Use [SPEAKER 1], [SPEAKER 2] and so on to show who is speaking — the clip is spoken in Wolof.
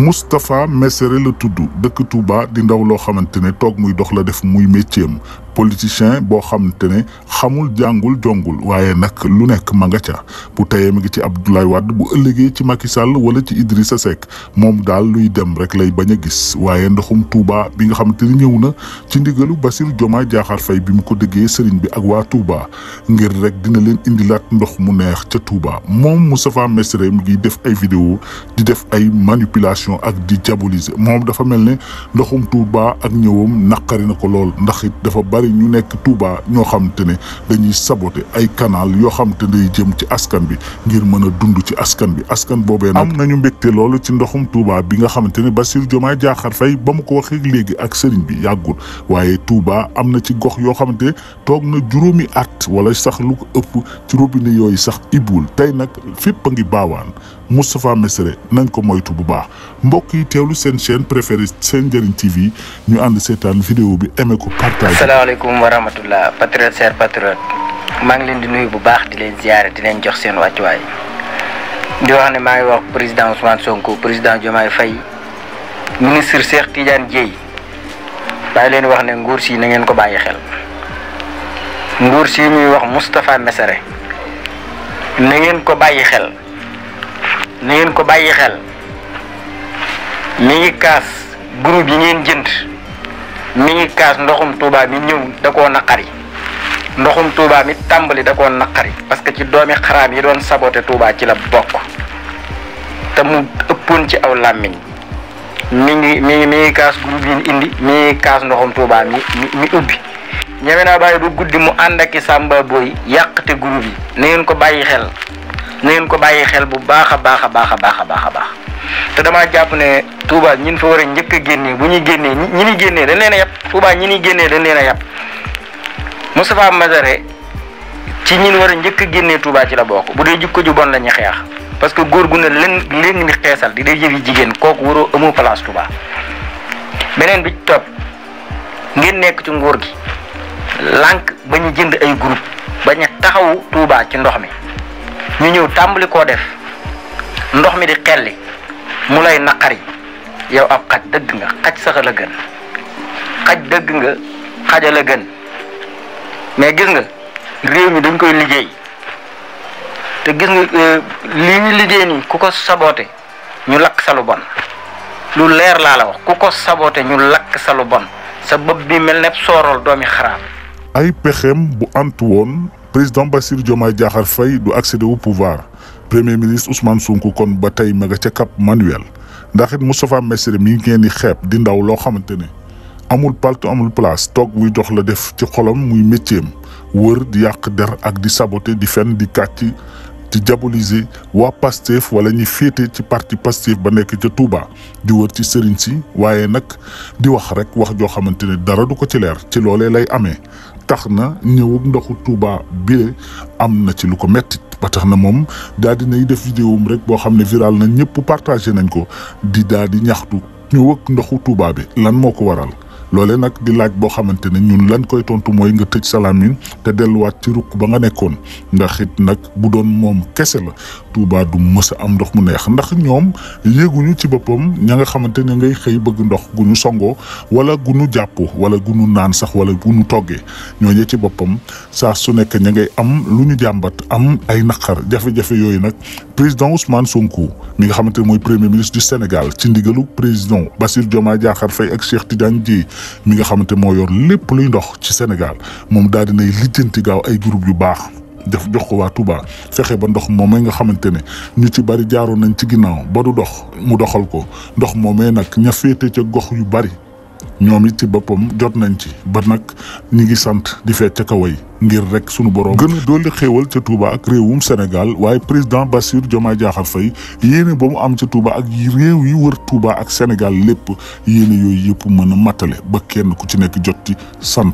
[SPEAKER 1] Moustapha Messere la tudd dëkk Touba di ndaw loo xamante ne toog muy dox la def muy métier am politicien boo xamante ne xamul jàngul jongul waaye nag lu nekk ma nga ca bu teyee mi ngi ci Abdoulaye Wade bu ëllëgee ci Macky Sall wala ci Idrissa Seck moom daal luy dem rek lay bañ a gis waaye ndoxum Touba bi nga xamante ne ñëw na ci ndigalu Bassirou Diomaye Diakhar Faye bi mu ko déggee sëriñ bi ak waa Touba ngir rek dina leen indilaat ndox mu neex ca Touba moom Moustapha Messere mi ngi def ay vidéo di def ay manipulation corruption ak di diaboliser moom dafa mel ne ndoxum Touba ak ñëwam naqari na ko lool ndax it dafa bari ñu nekk Touba ñoo xamante te ne dañuy saboter ay canal yoo xamante te ne jëm ci askan bi ngir mën a dund ci askan bi askan boobee nag am nañu mbégte loolu ci ndoxum Touba bi nga xamante ne Bassirou Diomaye Diakhar fay ba mu ko waxee léegi ak sëriñ bi yàggul waaye Touba am na ci gox yoo xamante ne toog na juróomi at wala sax lu ko ëpp ci robinet yooyu sax ibuwul tey nag fépp a ngi baawaan Moustapha Messere nañ ko moytu bu baax mbokk yi teewlu seen chaîne préférée seen njëriñ TV ñu ànd seetaan vidéo bi aimé ko partage.
[SPEAKER 2] asalaamaaleykum wa rahmatullah patriote cher patriote maa ngi leen di nuyu bu baax di leen ziare di leen jox seen wàccuwaay di wax ne maa ngi wax président Ousmane Sonko président Diomaye Faye ministre Cheikh Tidiane Dièye maa ngi leen wax ne nguur si na ngeen ko bàyyi xel nguur si ñuy wax Moustapha Messere na ngeen ko bàyyi xel na ngeen ko bàyyi xel. mi ngi kaas groupe yi ngeen jënd mi ngi kaas ndoxum Touba mi ñëw da koo naqari ndoxum Touba mi tàmbali da koo naqari parce que ci doomi xaraam yi doon saboté Touba ci la bokk te mu ëppoon ci aw làmmiñ mi ngi mi ngi mi ngi kaas groupe yi indi mi ngi kaas ndoxum Touba mi mi ubbi ñeme naa bàyyi ba guddi mu ànd ak samba boy booy groupe yi na ngeen ko bàyyi xel na ngeen ko bàyyi xel bu baax a baax a baax a baax a baax te damaa jàpp ne Touba ñin fa war a njëkk a génnee bu ñuy génnee ñi ñi génnee dañ leen a yàpp Touba ñi ñuy génnee dañ leen a yàpp Moustapha Mazare ci ñin war a njëkk a génnee Touba ci la bokk bu dee jikko ju bon la ñu xeex parce que góor gu ne leen leen ni xeesal di day jëfi jigéen kooku waroo amoo place Touba beneen bi topp ngeen nekk ci nguur gi lànk ba ñu jënd ay groupe ba ñu taxawu Touba ci ndox mi ñu ñëw tàmbali koo def ndox mi di xelli mu lay naqari yow ab xaj dëgg nga xaj sax gën xaj dëgg nga xaja gën mais gis nga réew mi dañ koy liggéey te gis nga euh, li ñu liggéey nii ku ko saboote ñu lakk sa lu bon lu leer laa la wax ku ko saboote ñu lakk sa bon sa bopp bi mel ne soorool doomi xaraam
[SPEAKER 1] ay pexem bu antu woon président Bassirou Diomaye Diakhar Faye du accéder pouvoir premier ministre Ousmane Sonko kon ba tay ma nga Cap Manuel ndax it Moustapha Messere mi ngi ni xeeb di ndaw lo xamante amul palto amul place tok muy dox la def ci xolam muy métier wër di yak der ak di saboter di fenn di kàcc di diaboliser wa Pastef wala ñi fété ci parti Pastef ba nek ci Touba di wër ci Serigne Sy wayé nak di wax rek wax jo xamante dara du ko ci lèr ci lolé lay amé tax na ñëwug ndoxu tuuba bile am na ci lu ko metti ba tax na moom daal di nay def vidéom rek boo xam ne viral na ñëpp partagé nañ ko di daal di ñaxtu ñëwug ndoxu Touba bi lan moo ko waral. lolé nak di laaj bo xamanteni ñun lan koy tontu moy nga tejj salamine te delu wat ci rukku ba nga nekkon ndax it nak bu doon mom kessé la touba du mësa am ndox mu neex ndax ñom yeguñu ci bopam ña nga xamanteni ngay xey bëgg ndox guñu songo wala guñu japp wala guñu naan sax wala guñu toggé ñoñe ci bopam sa su nekk ña am luñu jambat am ay nakar jafé jafé yoy nak président Ousmane Sonko mi nga xamanteni moy premier ministre du Sénégal ci ndigalu président Bassir Diomaye Diakhar Faye ak Cheikh Tidiane mi nga xamante moo yor lépp luy ndox ci Sénégal moom daal dinay lijjanti gaaw ay groupe yu baax def jox ko waa tubaa fexe ba ndox moom moomee nga xamante ne ñu ci bari jaaroon nañ ci ginnaaw ba du dox mu doxal ko ndox moomee nag ña féete ca gox yu bari ñoom it ci boppam jot nañ ci ba nag ñi ngi sant di fecc ca kaway ngir rek suñu borom gën a dolli xéewal ca Touba ak réewum Sénégal waaye président Bassirou Diomaye Diakhar fay yéene ba mu am ca Touba ak réew yi wër Touba ak Sénégal lépp yéene yooyu yëpp mën a mattale ba kenn ku ci nekk jot ci sant